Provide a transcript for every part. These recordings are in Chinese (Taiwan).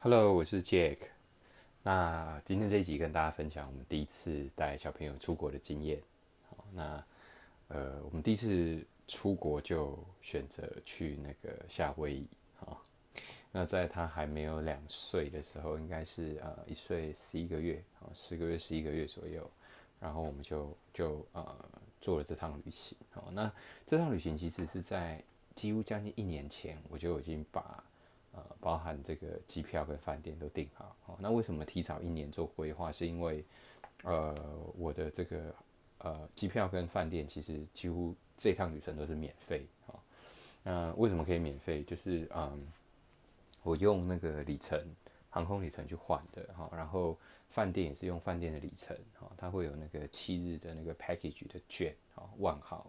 Hello，我是 Jack。那今天這一集跟大家分享我們第一次帶小朋友出國的經驗。好，那呃，我們第一次出國就選擇去那個夏威夷啊。那在他還沒有兩歲的時候，應該是呃一歲十一個月，十個月十一個月左右，然後我們就就呃做了這趟旅行。那這趟旅行其實是在幾乎將近一年前，我就已經把。呃，包含這個機票跟飯店都訂好哦。那為什麼提早一年做規劃？是因為，呃，我的這個呃機票跟飯店其實幾乎這趟旅程都是免費哦。那為什麼可以免費？就是嗯，我用那個里程航空里程去換的哈、哦。然後飯店也是用飯店的里程哈、哦，它會有那個七日的那個 package 的券哦，萬豪。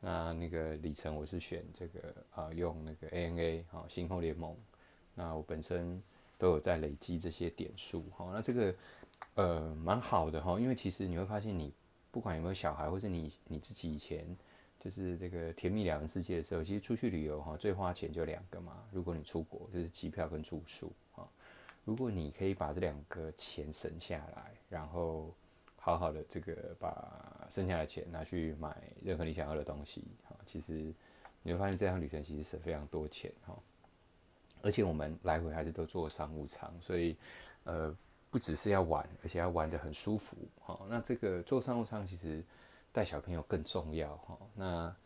那那個里程我是選這個啊、呃，用那個 ANA 好、哦、星空聯盟。那我本身都有在累積這些點數哈，那這個呃蠻好的哈，因為其實你會發現你不管有沒有小孩，或是你你自己以前就是這個甜蜜兩人世界的時候，其實出去旅遊哈最花錢就兩個嘛。如果你出國就是機票跟住宿哈。如果你可以把這兩個錢省下來，然後好好的這個把剩下的錢拿去買任何你想要的東西哈，其實你會發現這樣旅程其實省非常多錢哈。而且我們來回還是都坐商務艙，所以，呃，不只是要玩，而且要玩得很舒服。好，那這個坐商務艙其實帶小朋友更重要。好，那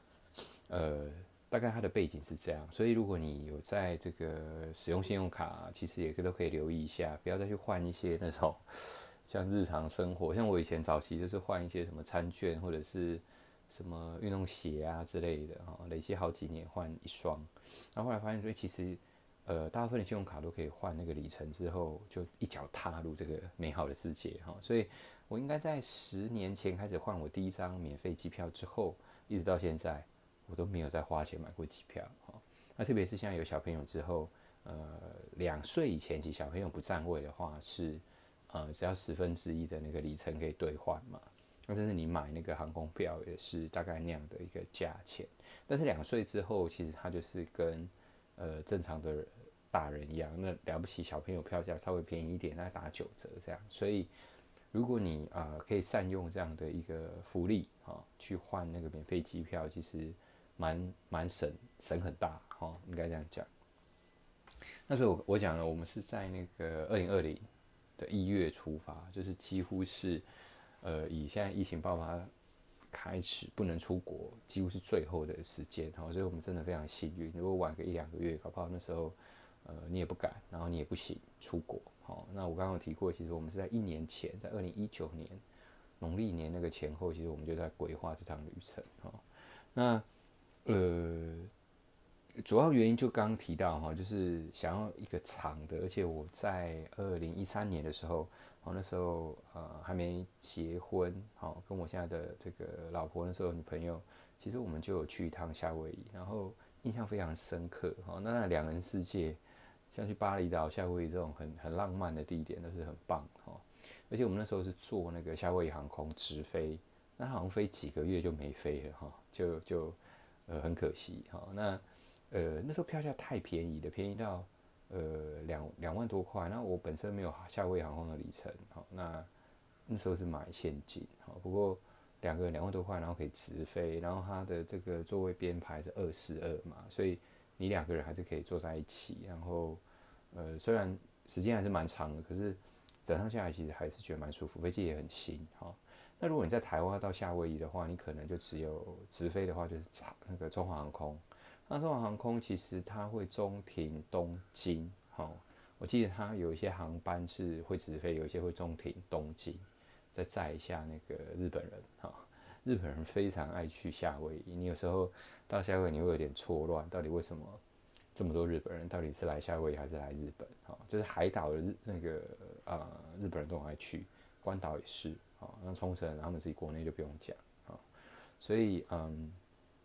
呃，大概它的背景是這樣，所以如果你有在這個使用信用卡，其實也都可以留意一下，不要再去換一些那種像日常生活，像我以前早期就是換一些什麼餐券，或者是什麼運動鞋啊之類的，哈，累積好幾年換一雙，然後，後來發現說、欸、其實。呃，大部分的信用卡都可以換那個里程，之後就一腳踏入這個美好的世界哈。所以我應該在十年前開始換我第一張免費機票之後，一直到現在，我都沒有再花錢買過機票哈。那、啊、特別是現在有小朋友之後，呃，兩歲以前，其實小朋友不佔位的話是，呃，只要十分之一的那個里程可以兌換嘛。那真是你買那個航空票也是大概那樣的一個價錢。但是兩歲之後，其實它就是跟呃正常的人。大人一樣，那了不起，小朋友票價稍微便宜一點，那打九折這樣。所以，如果你啊、呃、可以善用這樣的一個福利，哈，去換那個免費機票，其實蠻蠻省，省很大，哈，應該這樣講。那時候我我講了，我們是在那個二零二零的一月出發，就是幾乎是呃以現在疫情爆發開始不能出國，幾乎是最後的時間，哈，所以我們真的非常幸運。如果晚個一兩個月，搞不好那時候。呃，你也不敢，然後你也不行出國。好、哦，那我剛剛有提過，其實我們是在一年前，在二零一九年農曆年那個前後，其實我們就在規劃這趟旅程。哦，那呃，嗯、主要原因就剛剛提到哈、哦，就是想要一個長的，而且我在二零一三年的時候，我、哦、那時候呃還沒結婚，好、哦，跟我現在的這個老婆那時候女朋友，其實我們就有去一趟夏威夷，然後印象非常深刻。好、哦，那，那兩人世界。像去巴厘島、夏威夷這種很很浪漫的地點都是很棒哈、哦，而且我們那時候是坐那個夏威夷航空直飛，那好像飛幾個月就沒飛了哈、哦，就就呃很可惜哈、哦。那呃那時候票價太便宜了，便宜到呃兩兩萬多塊。那我本身沒有夏威夷航空的里程哈、哦，那那時候是買現金哈、哦。不過兩個人兩萬多塊，然後可以直飛，然後它的這個座位編排是二四二嘛，所以你兩個人還是可以坐在一起，然後。呃，雖然時間還是蠻長的，可是整趟下來其實還是覺得蠻舒服，飛機也很新哈、哦。那如果你在台灣到夏威夷的話，你可能就只有直飛的話就是那個中華航空，那中華航空其實它會中停東京哈、哦，我記得它有一些航班是會直飛，有一些會中停東京，再載一下那個日本人哈、哦。日本人非常愛去夏威夷，你有時候到夏威夷你會有點錯亂，到底為什麼？這麼多日本人到底是來夏威夷還是來日本？哈、哦，就是海島的日那個呃，日本人都往外去，關島也是，哈、哦，那沖繩，他們自己國內就不用講、哦，所以嗯，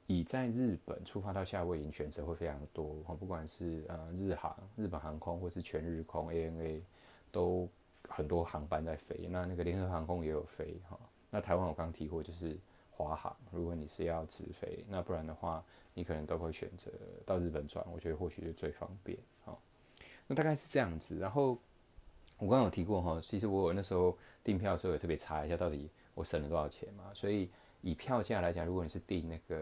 以在日本出發到夏威夷，選擇會非常多，哈、嗯，不管是呃、嗯、日航、日本航空或是全日空 （ANA） 都很多航班在飛，那那個聯合航空也有飛，哈、哦，那台灣我剛提過就是華航，如果你是要直飛，那不然的話。你可能都會選擇到日本轉，我覺得或許是最方便，哦。那大概是這樣子。然後我剛剛有提過哈，其實我有那時候訂票的時候也特別查一下，到底我省了多少錢嘛。所以以票價來講，如果你是訂那個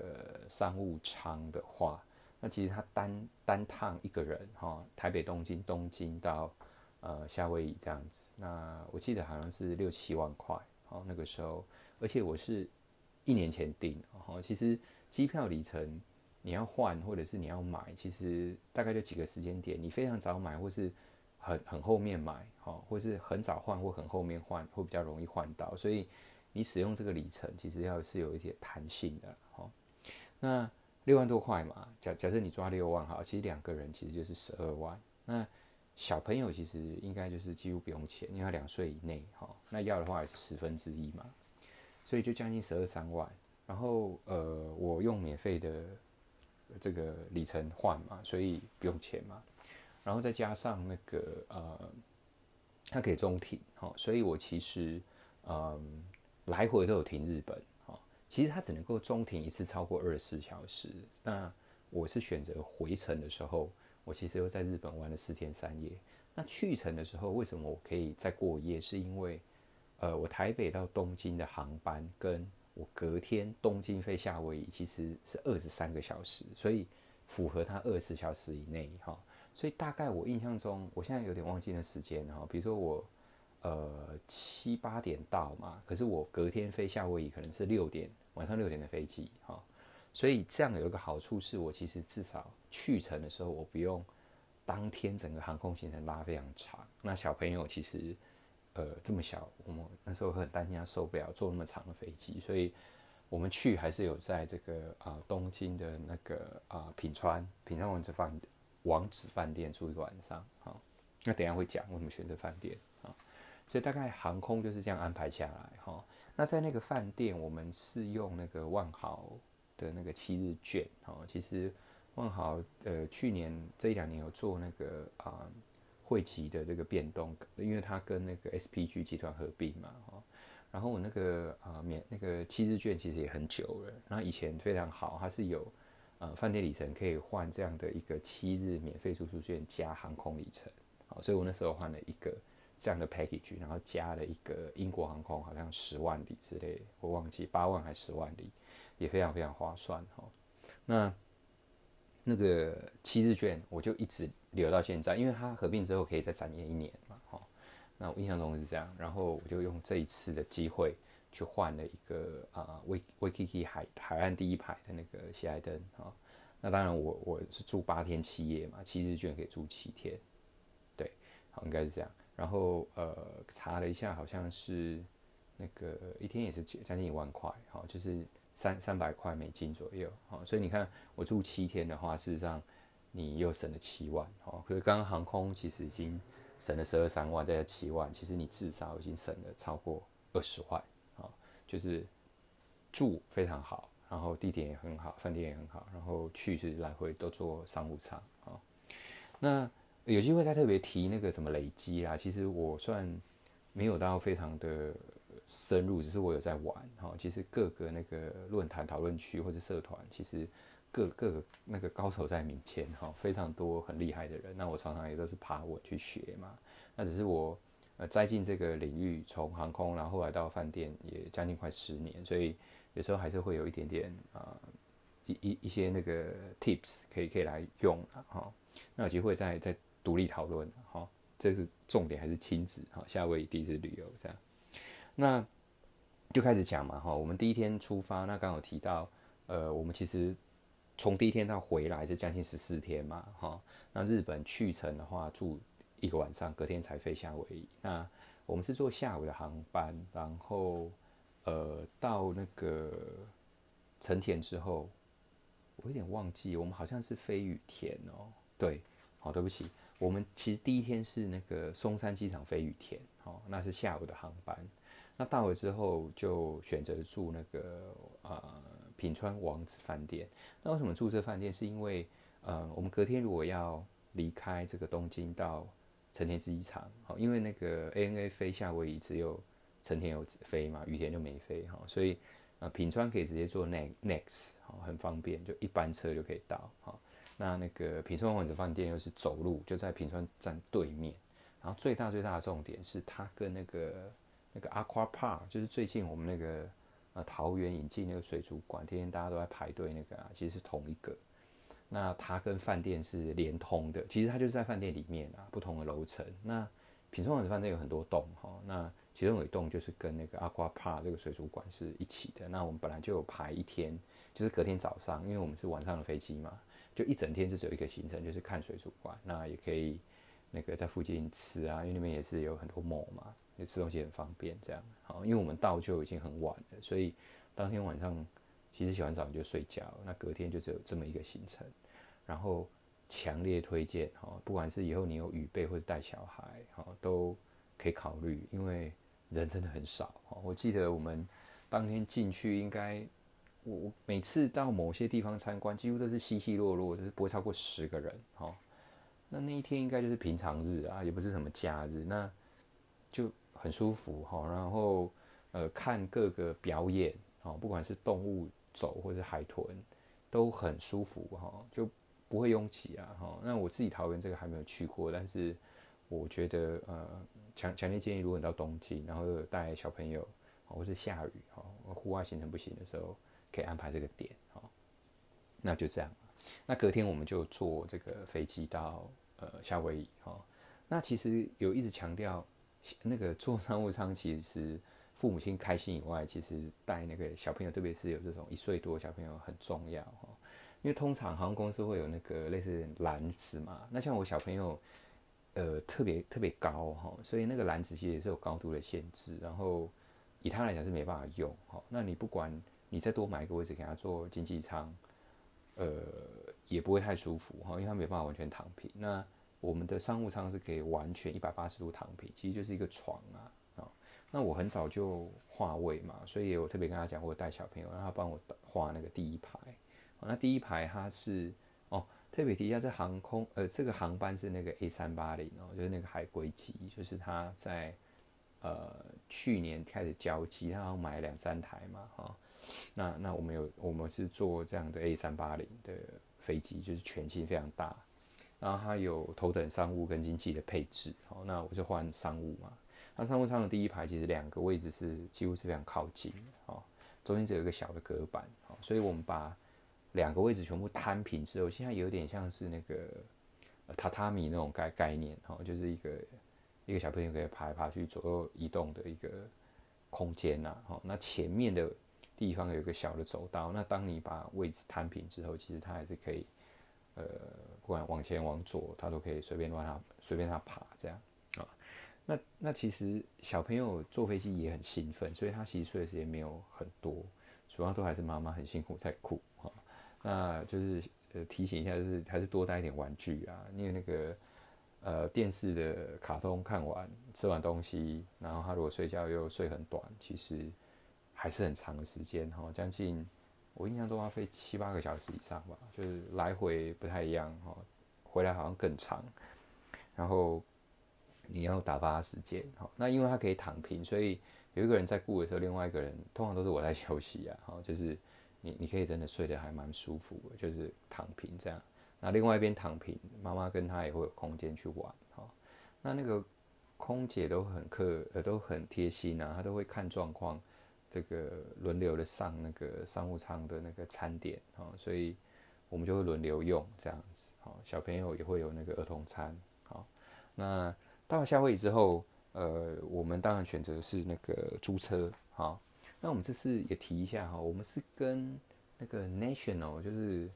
商務艙的話，那其實它單單趟一個人哈，台北東京東京到呃夏威夷這樣子，那我記得好像是六七萬塊。哦，那個時候，而且我是一年前訂，哦，其實機票里程。你要換或者是你要買，其實大概就幾個時間點。你非常早買，或是很很後面買，哦，或是很早換或很後面換，會比較容易換到。所以你使用這個里程，其實要是有一些彈性的，哦。那六萬多塊嘛，假假設你抓六萬哈，其實兩個人其實就是十二萬。那小朋友其實應該就是幾乎不用錢，因為他兩歲以內哈、哦，那要的話也是十分之一嘛，所以就將近十二三萬。然後呃，我用免費的，這個里程換嘛，所以不用錢嘛。然後再加上那個呃，它可以中停，好、哦，所以我其實嗯、呃、來回都有停日本，哦。其實它只能夠中停一次超過二十四小時。那我是選擇回程的時候，我其實又在日本玩了四天三夜。那去程的時候為什麼我可以再過夜？是因為呃，我台北到東京的航班跟我隔天東京飛夏威夷，其實是二十三個小時，所以符合他二十小時以內哈。所以大概我印象中，我現在有點忘記了時間哈。比如說我呃七八點到嘛，可是我隔天飛夏威夷可能是六點晚上六點的飛機哈。所以這樣有一個好處是我其實至少去程的時候我不用當天整個航空行程拉非常長。那小朋友其實。呃，這麼小，我們那時候很擔心他受不了坐那麼長的飛機，所以我們去還是有在這個啊、呃、東京的那個啊、呃、品川品川王子飯王子飯店住一個晚上好、哦，那等一下會講為什麼選擇飯店啊、哦。所以大概航空就是這樣安排下來哈、哦。那在那個飯店，我們是用那個萬豪的那個七日券哦。其實萬豪呃去年這一兩年有做那個啊。呃匯集的這個變動，因為它跟那個 SPG 集團合併嘛，然後我那個啊、呃、免那個七日券其實也很久了，然後以前非常好，它是有呃飯店里程可以換這樣的一個七日免費住宿券加航空里程，所以我那時候換了一個這樣的 package，然後加了一個英國航空好像十萬里之類，我忘記八萬還十萬里，也非常非常划算，好、哦。那那個七日券我就一直。留到現在，因為它合併之後可以再展業一年嘛，哈。那我印象中是這樣，然後我就用這一次的機會去換了一個啊，維 K K 海海岸第一排的那個西愛燈，哈。那當然我，我我是住八天七夜嘛，七日券可以住七天，對，好應該是這樣。然後呃，查了一下，好像是那個一天也是將近一萬塊，哈，就是三三百塊美金左右，哈。所以你看，我住七天的話，事實上。你又省了七萬哦，可是剛剛航空其實已經省了十二三萬，再加七萬，其實你至少已經省了超過二十萬哦。就是住非常好，然後地點也很好，飯店也很好，然後去是來回都坐商務艙哦。那有機會再特別提那個什麼累積啦、啊，其實我算沒有到非常的深入，只是我有在玩哈、哦。其實各個那個論壇討論區或者社團，其實。各各個那個高手在民間哈，非常多很厲害的人。那我常常也都是爬文去學嘛。那只是我呃栽進這個領域，從航空然後來到飯店，也將近快十年，所以有時候還是會有一點點啊、呃、一一一些那個 tips 可以可以來用啊哈、哦。那有機會再再獨立討論哈、哦。這是、個、重點還是親子哈、哦？夏威夷第一次旅遊這樣，那就開始講嘛哈、哦。我們第一天出發，那剛好提到呃，我們其實。從第一天到回來是將近十四天嘛，哈。那日本去程的話，住一個晚上，隔天才飛夏威夷。那我們是坐下午的航班，然後呃到那個成田之後，我有點忘記，我們好像是飛羽田哦。對，好，哦，對不起，我們其實第一天是那個松山機場飛羽田，哦，那是下午的航班。那到了之後就選擇住那個啊。呃品川王子飯店，那為什麼住這飯店？是因為，呃，我們隔天如果要離開這個東京到成田機場，好，因為那個 ANA 飛夏威夷只有成田有直飛嘛，羽田就沒飛哈，所以呃，品川可以直接坐 NEX，next，很方便，就一班車就可以到，那那個品川王子飯店又是走路就在品川站對面，然後最大最大的重點是它跟那個那個 Aqua Park，就是最近我們那個。啊，桃園引進那個水族館，天天大家都在排隊，那個、啊、其實是同一個。那它跟飯店是連通的，其實它就是在飯店裡面啊，不同的樓層。那品川王子飯店有很多棟哈、哦，那其中有一棟就是跟那個阿瓜帕這個水族館是一起的。那我們本來就有排一天，就是隔天早上，因為我們是晚上的飛機嘛，就一整天就只有一個行程，就是看水族館，那也可以。那個在附近吃啊，因為那邊也是有很多 mall 嘛，你吃東西很方便這樣。好，因為我們到就已經很晚了，所以當天晚上其實洗完澡就睡覺。那隔天就只有這麼一個行程，然後強烈推薦哈，不管是以後你有預備或者帶小孩哈，都可以考慮，因為人真的很少。我記得我們當天進去應該，我每次到某些地方參觀，幾乎都是稀稀落落，就是不會超過十個人哈。那那一天應該就是平常日啊，也不是什麼假日，那就很舒服哈、哦。然後呃，看各個表演哦，不管是動物走或者是海豚，都很舒服哈、哦，就不會擁擠啊哈、哦。那我自己桃園這個還沒有去過，但是我覺得呃，強強烈建議，如果你到冬季，然後帶小朋友、哦，或是下雨哈，戶、哦、外、啊、行程不行的時候，可以安排這個點哈、哦。那就這樣，那隔天我們就坐這個飛機到。呃，夏威夷哈、哦，那其實有一直強調，那個坐商務艙，其實父母親開心以外，其實帶那個小朋友，特別是有這種一歲多小朋友很重要哈、哦。因為通常航空公司會有那個類似的籃子嘛，那像我小朋友，呃，特別特別高哈、哦，所以那個籃子其實也是有高度的限制，然後以他來講是沒辦法用哈、哦。那你不管你再多買一個位置給他坐經濟艙，呃。也不會太舒服哈，因為它沒有辦法完全躺平。那我們的商務艙是可以完全一百八十度躺平，其實就是一個床啊、哦、那我很早就劃位嘛，所以我特別跟他講，我帶小朋友讓他幫我劃那個第一排、哦。那第一排他是哦，特別提一下，這航空呃，這個航班是那個 A 三八零哦，就是那個海龜機，就是他在呃，去年開始交機，它買了兩三台嘛哈、哦。那那我們有我們是坐這樣的 A 三八零的。飛機就是全新，非常大，然後它有頭等商務跟經濟的配置，好、哦，那我就換商務嘛。那商務艙的第一排其實兩個位置是幾乎是非常靠近，好、哦，中間只有一個小的隔板，好、哦，所以我們把兩個位置全部攤平之後，現在有點像是那個、呃、榻榻米那種概概念，好、哦，就是一個一個小朋友可以爬來爬去左右移動的一個空間啦、啊，好、哦，那前面的地方有一個小的走道，那當你把位置攤平之後，其實他還是可以，呃，不管往前往左，他都可以隨便讓他隨便他爬這樣啊、哦。那那其實小朋友坐飛機也很興奮，所以他其實睡的時間沒有很多，主要都還是媽媽很辛苦在哭啊、哦。那就是呃提醒一下，就是還是多帶一點玩具啊。因為那個呃電視的卡通看完、吃完東西，然後他如果睡覺又睡很短，其實。還是很長的時間哈，將近我印象中花費七八個小時以上吧，就是來回不太一樣哈，回來好像更長。然後你要打發時間哈，那因為他可以躺平，所以有一個人在顧的時候，另外一個人通常都是我在休息啊，哈，就是你你可以真的睡得還蠻舒服，就是躺平這樣。那另外一邊躺平，媽媽跟他也會有空間去玩哈。那那個空姐都很客，呃都很貼心啊，他都會看狀況。這個輪流的上那個商務艙的那個餐點啊、哦，所以我們就會輪流用這樣子啊、哦，小朋友也會有那個兒童餐啊、哦。那到了夏威夷之後，呃，我們當然選擇的是那個租車啊、哦。那我們這次也提一下哈、哦，我們是跟那個 National，就是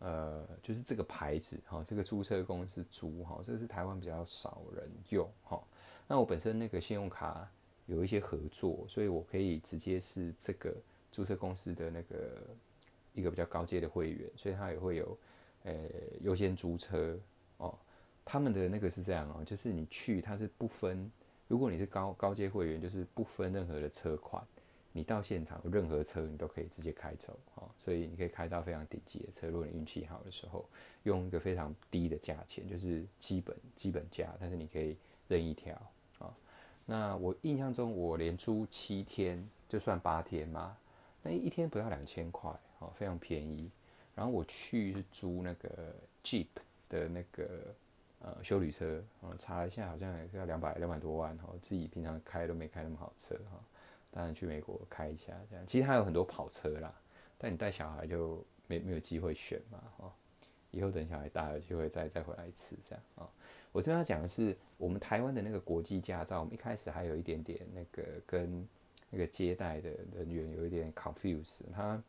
呃，就是這個牌子哈、哦，這個租車公司租哈、哦，這個是台灣比較少人用哈、哦。那我本身那個信用卡。有一些合作，所以我可以直接是這個租車公司的那個一個比較高階的會員，所以他也會有，呃，優先租車哦。他們的那個是這樣哦，就是你去，他是不分，如果你是高高階會員，就是不分任何的車款，你到現場任何車你都可以直接開走哦。所以你可以開到非常頂級的車，如果你運氣好的時候，用一個非常低的價錢，就是基本基本價，但是你可以任意挑。那我印象中，我連租七天就算八天嘛，那一天不要兩千塊哦，非常便宜。然後我去是租那個 Jeep 的那個呃休旅車，我、哦、查了一下好像要兩百兩百多萬哦，自己平常開都沒開那麼好車哈、哦。當然去美國開一下這樣，其實還有很多跑車啦，但你帶小孩就沒沒有機會選嘛哈、哦。以後等小孩大有機會再再回來一次這樣啊。哦我這邊要講的是，我們台灣的那個國際駕照，我們一開始還有一點點那個跟那個接待的人員有一點 confuse，他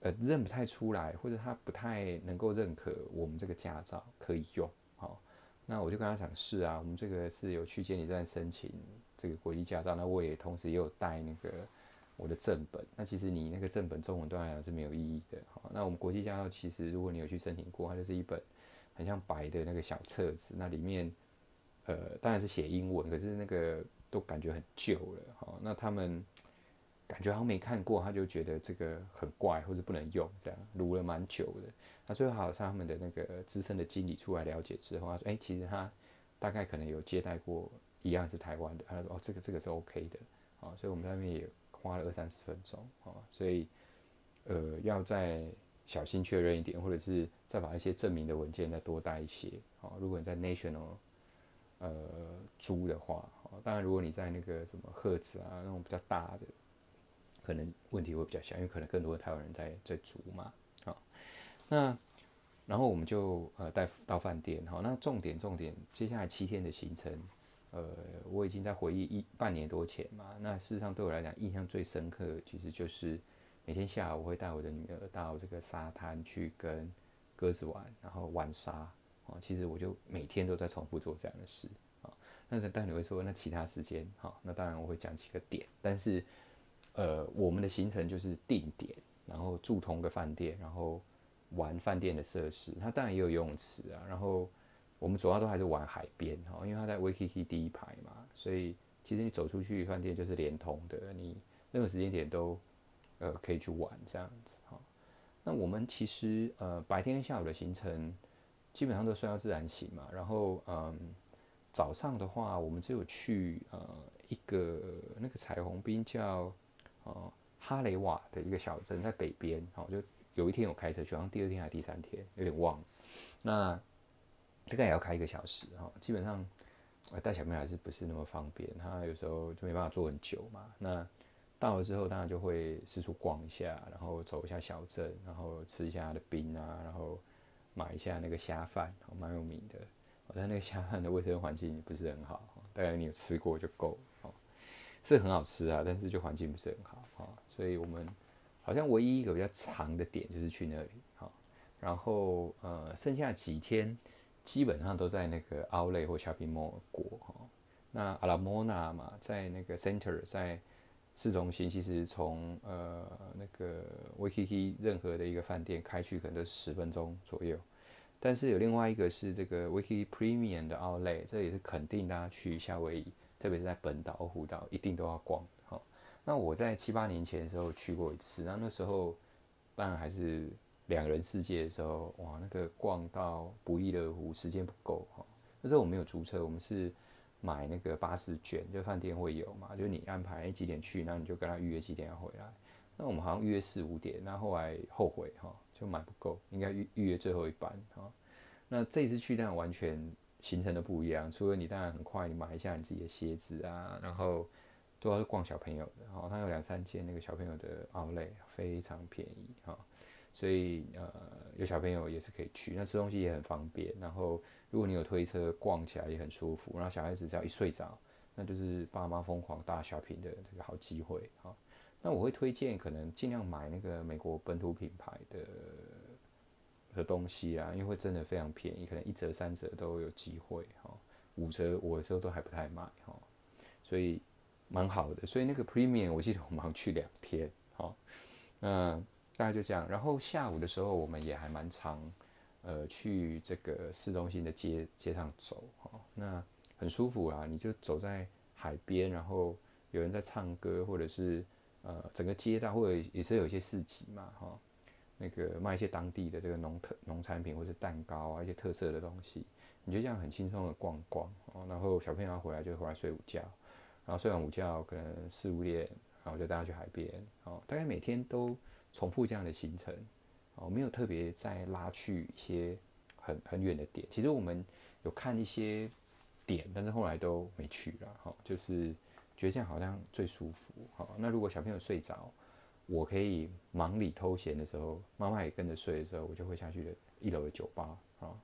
呃認不太出來，或者他不太能夠認可我們這個駕照可以用，哦，那我就跟他講是啊，我們這個是有去監理站申請這個國際駕照，那我也同時也有帶那個我的正本，那其實你那個正本中文端來講是沒有意義的，那我們國際駕照其實如果你有去申請過，它就是一本。很像白的那個小冊子，那裡面，呃，當然是寫英文，可是那個都感覺很舊了，齁，那他們感覺好像沒看過，他就覺得這個很怪或者不能用，這樣盧了蠻久的。那最後好像他們的那個資深的經理出來了解之後，他說：“哎、欸，其實他大概可能有接待過一樣是台灣的。”他說：“哦，這個這個是 OK 的，啊，所以我們在那邊也花了二三十分鐘，齁，所以呃，要在。”小心確認一點，或者是再把一些證明的文件再多帶一些。好、哦，如果你在 National 呃租的話，好、哦，當然如果你在那個什麼赫茲啊那種比較大的，可能問題會比較小，因為可能更多的台灣人在這租嘛。好、哦，那然後我們就呃帶到飯店。好、哦，那重點重點，接下來七天的行程，呃，我已經在回憶一半年多前嘛。那事實上對我來講，印象最深刻，其實就是。每天下午我會帶我的女兒到這個沙灘去跟鴿子玩，然後玩沙啊。其實我就每天都在重複做這樣的事啊。那個，但你會說，那其他時間哈？那當然我會講幾個點，但是呃，我們的行程就是定點，然後住同一個飯店，然後玩飯店的設施。它當然也有游泳池啊。然後我們主要都還是玩海邊哈，因為它在 Waikiki 第一排嘛，所以其實你走出去飯店就是連通的，你任何時間點都。呃，可以去玩這樣子哈、哦。那我們其實呃，白天下午的行程基本上都睡到自然醒嘛。然後嗯、呃，早上的話，我們只有去呃一個那個彩虹冰叫呃哈雷瓦的一個小鎮，在北邊。好、哦，就有一天有開車，好像第二天還是第三天，有點忘了。那這個也要開一個小時哈、哦。基本上帶、呃、小朋友還是不是那麼方便，他有時候就沒辦法坐很久嘛。那到了之後，大家就會四處逛一下，然後走一下小鎮，然後吃一下他的冰啊，然後買一下那個蝦飯、哦，蠻有名的。哦、但那個蝦飯的衛生環境也不是很好，哦、大概你有吃過就夠、哦、是很好吃啊，但是就環境不是很好、哦、所以我們好像唯一一個比較長的點就是去那裡、哦、然後、呃、剩下幾天基本上都在那個 Outlet 或 Shopping Mall 過哈。那阿拉莫納嘛，在那個 Center 在。市中心其實從呃那個 Waikiki 任何的一個飯店開去可能都十分鐘左右，但是有另外一個是這個 Waikiki Premium 的 Outlet，這也是肯定大家去夏威夷，特別是在本島湖島一定都要逛哈、哦。那我在七八年前的時候去過一次，那那時候當然還是兩人世界的時候，哇，那個逛到不亦樂乎，時間不夠哈、哦。那時候我沒有租車，我們是。買那個巴士券，就飯店會有嘛，就你安排幾點去，那你就跟他預約幾點要回來。那我們好像預約四五點，那後，後來後悔哈，就買不夠，應該預預約最後一班哈。那這次去當然完全行程都不一樣，除了你當然很快，你買一下你自己的鞋子啊，然後都要是逛小朋友的，然後他有兩三間那個小朋友的 outlet，非常便宜哈。所以呃，有小朋友也是可以去，那吃東西也很方便。然後，如果你有推車，逛起來也很舒服。然後小孩子只要一睡着，那就是爸媽瘋狂大 shopping 的這個好機會哈、哦。那我會推薦，可能盡量買那個美國本土品牌的的東西啊，因為會真的非常便宜，可能一折三折都有機會哈、哦。五折我有時候都還不太買哈、哦，所以蠻好的。所以那個 Premium 我記得我忙去兩天哈、哦，那。大概就這樣，然後下午的時候，我們也還蠻常呃，去這個市中心的街街上走、哦，那很舒服啊。你就走在海邊，然後有人在唱歌，或者是呃，整個街道或者也是有一些市集嘛，哈、哦，那個賣一些當地的這個農特農產品或者是蛋糕啊，一些特色的東西，你就這樣很輕鬆的逛逛、哦，然後小朋友要回來就回來睡午覺，然後睡完午覺可能四五點，然後我就帶他去海邊，哦，大概每天都。重複這樣的行程，我、哦、沒有特別再拉去一些很很遠的點。其實我們有看一些點，但是後來都沒去了，哈、哦，就是覺得這樣好像最舒服。好、哦，那如果小朋友睡着，我可以忙裡偷閒的時候，媽媽也跟着睡的時候，我就會下去一樓的酒吧，啊、哦，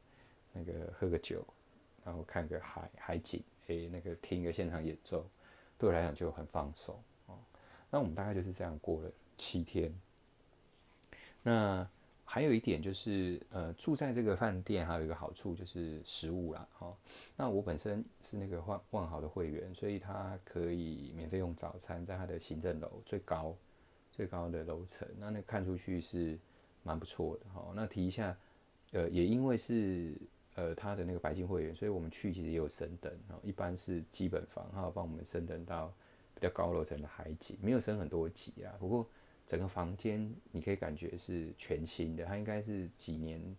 那個喝個酒，然後看個海海景，誒、欸，那個聽個現場演奏，對我來講就很放鬆。哦，那我們大概就是這樣過了七天。那還有一點就是，呃，住在這個飯店還有一個好處就是食物啦，哈。那我本身是那個萬萬豪的會員，所以他可以免費用早餐，在他的行政樓最高最高的樓層，那那看出去是蠻不錯的，哈。那提一下，呃，也因為是呃他的那個白金會員，所以我們去其實也有升等，一般是基本房，哈，他幫我們升等到比較高樓層的海景，沒有升很多級啊，不過。整個房間你可以感覺是全新的，它應該是幾年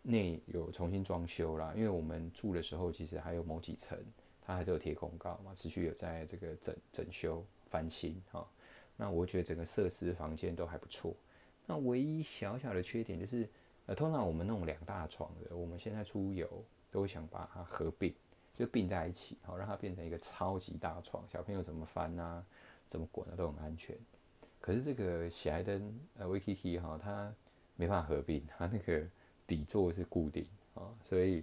內有重新裝修啦。因為我們住的時候，其實還有某幾層，它還是有貼公告嘛，持續有在這個整整修翻新哈。那我覺得整個設施房間都還不錯。那唯一小小的缺點就是，呃，通常我們弄兩大床的，我們現在出遊都想把它合併，就併在一起，好讓它變成一個超級大床，小朋友怎麼翻啊、怎麼滾啊都很安全。可是這個喜來登呃，Waikiki 哈，它沒辦法合併，它那個底座是固定啊，所以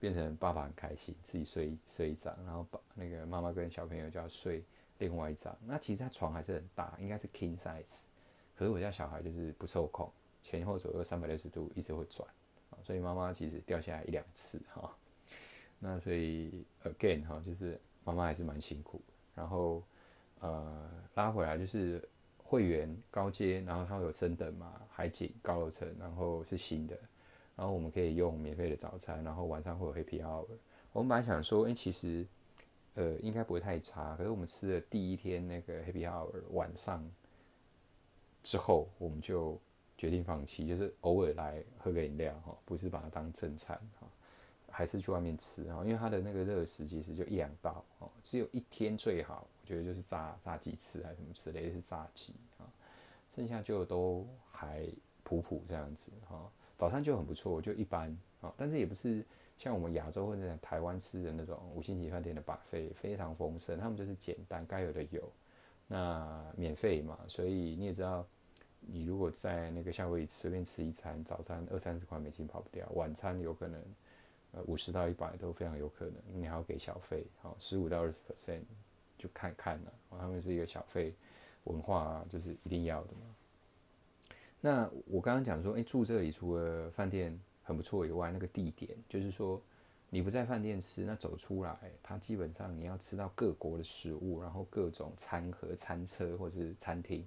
變成爸爸很開心，自己睡睡一張，然後把那個媽媽跟小朋友就要睡另外一張。那其實他床還是很大，應該是 King size，可是我家小孩就是不受控，前後左右三百六十度一直會轉啊，所以媽媽其實掉下來一兩次哈。那所以 Again 哈，就是媽媽還是蠻辛苦。然後呃，拉回來就是。會員高階，然後它會有升等嘛，海景高樓層，然後是新的，然後我們可以用免費的早餐，然後晚上會有 Happy Hour。我們本來想說，哎、欸，其實，呃，應該不會太差。可是我們吃了第一天那個 Happy Hour 晚上之後，我們就決定放棄，就是偶爾來喝個飲料哈、哦，不是把它當正餐哈、哦，還是去外面吃啊、哦，因為它的那個熱食其實就一兩道哦，只有一天最好。覺得就是炸炸雞翅，還是什麼吃，類是炸雞啊，剩下，就都還普普這樣子哈、哦。早餐就很不錯，就一般啊、哦，但是也不是像我們亞洲或者台灣吃的那種五星級飯店的 buffet 非常豐盛，他們就是簡單該有的有，那免費嘛，所以你也知道，你如果在那個夏威夷隨便吃一餐，早餐二三十塊美金跑不掉，晚餐有可能五十、呃、到一百都非常有可能，你還要給小費，好十五到二十 percent。就看看了，啊，他們是一個小費文化，啊，就是一定要的嘛。那我剛剛講說，哎、欸，住這裡除了飯店很不錯以外，那個地點就是說，你不在飯店吃，那走出來，它基本上你要吃到各國的食物，然後各種餐盒、餐車或者是餐廳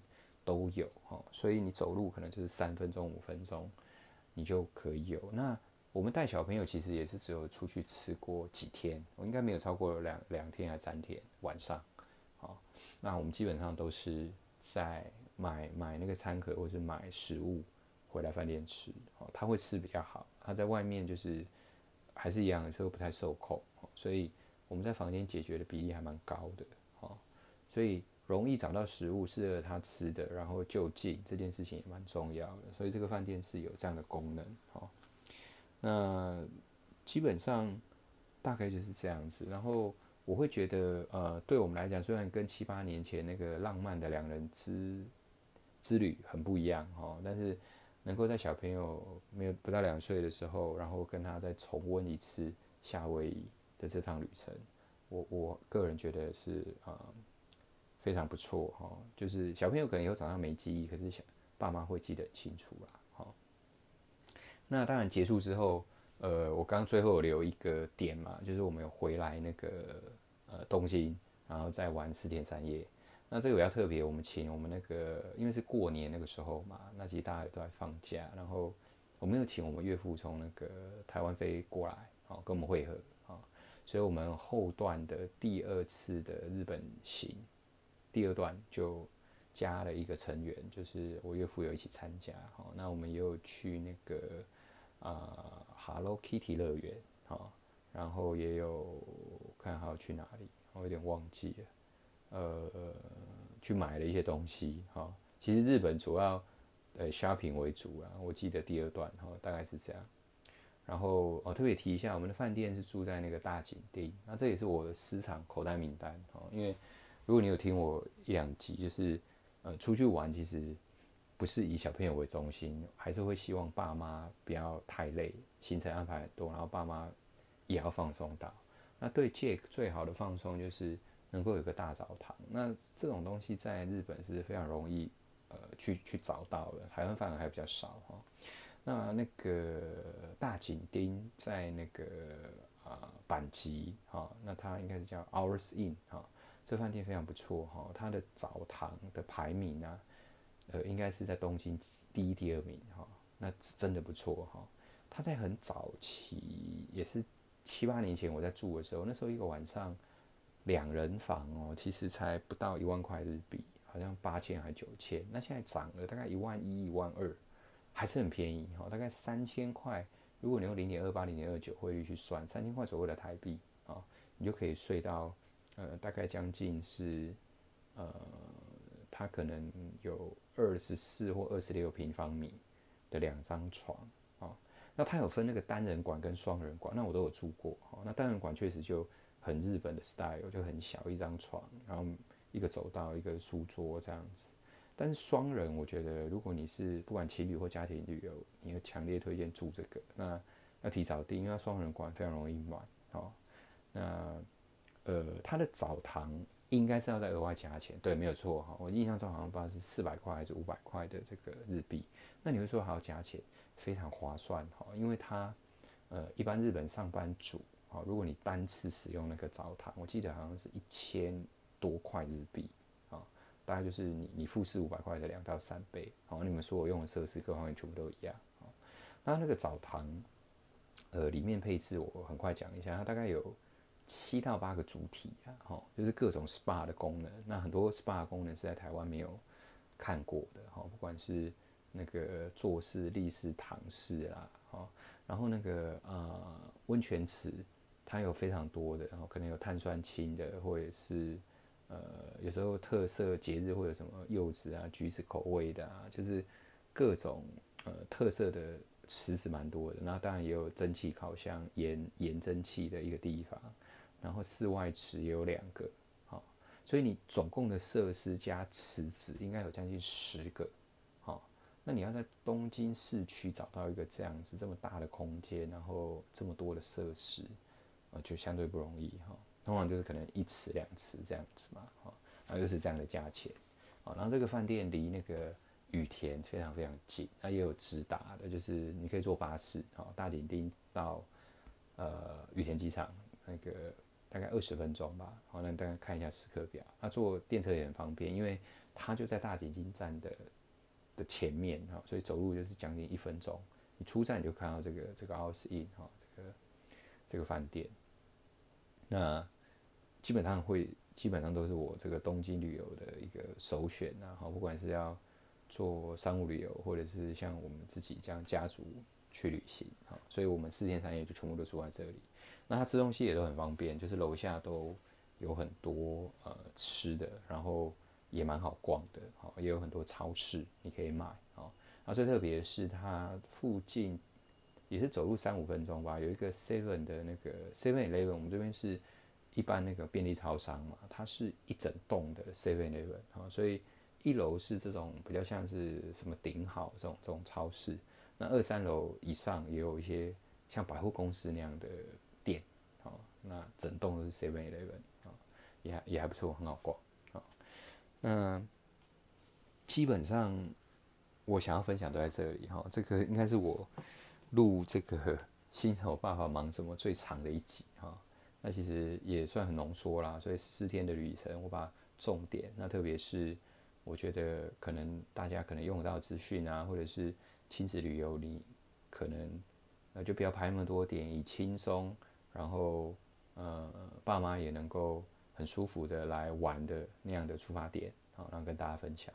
都有齁，所以你走路可能就是三分鐘、五分鐘，你就可以有那。我們帶小朋友其實也是只有出去吃過幾天，我應該沒有超過兩兩天還是三天晚上，好，哦，那我們基本上都是在買買那個餐盒或是買食物回來飯店吃，哦，他會吃比較好，他在外面就是還是一樣的時候不太受控，哦，所以我們在房間解決的比例還蠻高的，哦，所以容易找到食物適合他吃的，然後就近這件事情也蠻重要的，所以這個飯店是有這樣的功能，哦。那基本上大概就是這樣子，然後我會覺得，呃，對我們來講，雖然跟七八年前那個浪漫的兩人之之旅很不一樣哦，但是能夠在小朋友沒有不到兩歲的時候，然後跟他再重溫一次夏威夷的這趟旅程，我我個人覺得是啊，呃，非常不錯哈。就是小朋友可能以後長大沒記憶，可是想爸媽會記得清楚啦，啊。那當然結束之後，呃，我剛剛最後有留一個點嘛，就是我們有回來那個呃東京，然後再玩四天三夜。那這個比較特別，我們請我們那個因為是過年那個時候嘛，那其實大家也都在放假，然後我們又請我們岳父從那個台灣飛過來，好，喔，跟我們會合，喔，所以我們後段的第二次的日本行，第二段就加了一個成員，就是我岳父有一起參加。好，喔，那我們也有去那個。啊、呃、，Hello Kitty 樂園，好、哦，然後也有看還要去哪裡，我、哦、有點忘記了呃。呃，去買了一些東西，好、哦，其實日本主要呃 shopping 為主啊。我記得第二段，然、哦、後大概是這樣。然後我、哦、特別提一下，我們的飯店是住在那個大井町，那這也是我的私藏口袋名單哦。因為如果你有聽我一兩集，就是呃出去玩，其實。不是以小朋友為中心，還是會希望爸媽不要太累，行程安排很多，然後爸媽也要放鬆到。那對 Jake 最好的放鬆就是能夠有個大澡堂。那這種東西在日本是非常容易，呃，去去找到的。台灣反而還比較少哈、哦。那那個大井町在那個呃阪急。哈、哦，那它應該是叫 Hours Inn 哈、哦，這飯店非常不錯哈、哦，它的澡堂的排名呢、啊？呃，應該是在東京第一、第二名哈，那真真的不錯哈。他在很早期，也是七八年前我在住的時候，那時候一個晚上兩人房哦，其實才不到一萬塊日幣，好像八千還九千。那現在漲了大概一萬一、一萬二，還是很便宜哈。大概三千塊，如果你用零點二八、零點二九匯率去算，三千塊左右的台幣啊，你就可以睡到呃，大概將近是呃。它可能有二十四或二十六平方米的兩張床哦，那它有分那個單人館跟雙人館，那我都有住過哦，那單人館確實就很日本的 style，就很小一張床，然後一個走道，一個書桌這樣子。但是雙人，我覺得如果你是不管情侶或家庭旅遊，你要強烈推薦住這個。那要提早訂，因為雙人館非常容易滿哦。那呃，它的澡堂。應該是要再額外加錢，對，沒有錯哈。我印象中好像不知道是四百塊還是五百塊的這個日幣。那你會說還要加錢，非常划算哈，因為它呃，一般日本上班族啊，如果你單次使用那個澡堂，我記得好像是一千多塊日幣啊，大概就是你你付四五百塊的兩到三倍。好，你們所有用的設施各方面全部都一樣啊。那那個澡堂，呃，裡面配置我很快講一下，它大概有。七到八個主題啊，吼，就是各種 SPA 的功能。那很多 SPA 功能是在台灣沒有看過的，吼，不管是那個坐式、立式、躺式啊，吼，然後那個呃溫泉池，它有非常多的，然後可能有碳酸氫的，或者是呃有時候特色節日或者什麼柚子啊、橘子口味的啊，就是各種呃特色的池子蠻多的。那當然也有蒸汽烤箱、鹽鹽蒸汽的一個地方。然後室外池也有兩個，好，哦，所以你總共的設施加池子應該有將近十個，好，哦，那你要在東京市區找到一個這樣子這麼大的空間，然後這麼多的設施，啊，就相對不容易哈，哦。通常就是可能一池兩池這樣子嘛，哦，啊，然後又是這樣的價錢，啊，哦，然後這個飯店離那個羽田非常非常近，那，啊，也有直達的，就是你可以坐巴士，好，哦，大井町到呃羽田機場那個。大概二十分鐘吧。好，那大家看一下時刻表。那坐電車也很方便，因為它就在大井京站的的前面啊，所以走路就是將近一分鐘。你出站你就看到這個這個 Ours Inn 啊，這個這個飯店。那基本上會基本上都是我這個東京旅遊的一個首選，然後啊，不管是要做商務旅遊，或者是像我們自己這樣家族去旅行啊，所以我們四天三夜就全部都住在這裡。那他吃東西也都很方便，就是樓下都有很多呃吃的，然後也蠻好逛的，哦，也有很多超市你可以買哦。那最特別是它附近也是走路三五分鐘吧，有一個 Seven 的那個 Seven Eleven，我們這邊是一般那個便利超商嘛，它是一整棟的 Seven Eleven。哦，所以一樓是這種比較像是什麼頂好這種這種超市，那二三樓以上也有一些像百貨公司那樣的。店哦，那整棟都是 Seven Eleven 啊，也還也還不錯，很好逛啊、哦。那基本上我想要分享都在這裡哈、哦，這個應該是我錄這個新手爸爸忙什麼最長的一集哈、哦。那其實也算很濃縮啦，所以四天的旅程，我把重點，那特別是我覺得可能大家可能用得到資訊啊，或者是親子旅遊，你可能那就不要拍那麼多點，以輕鬆。然後，呃，爸媽也能夠很舒服的來玩的那樣的出發點，好，然後跟大家分享。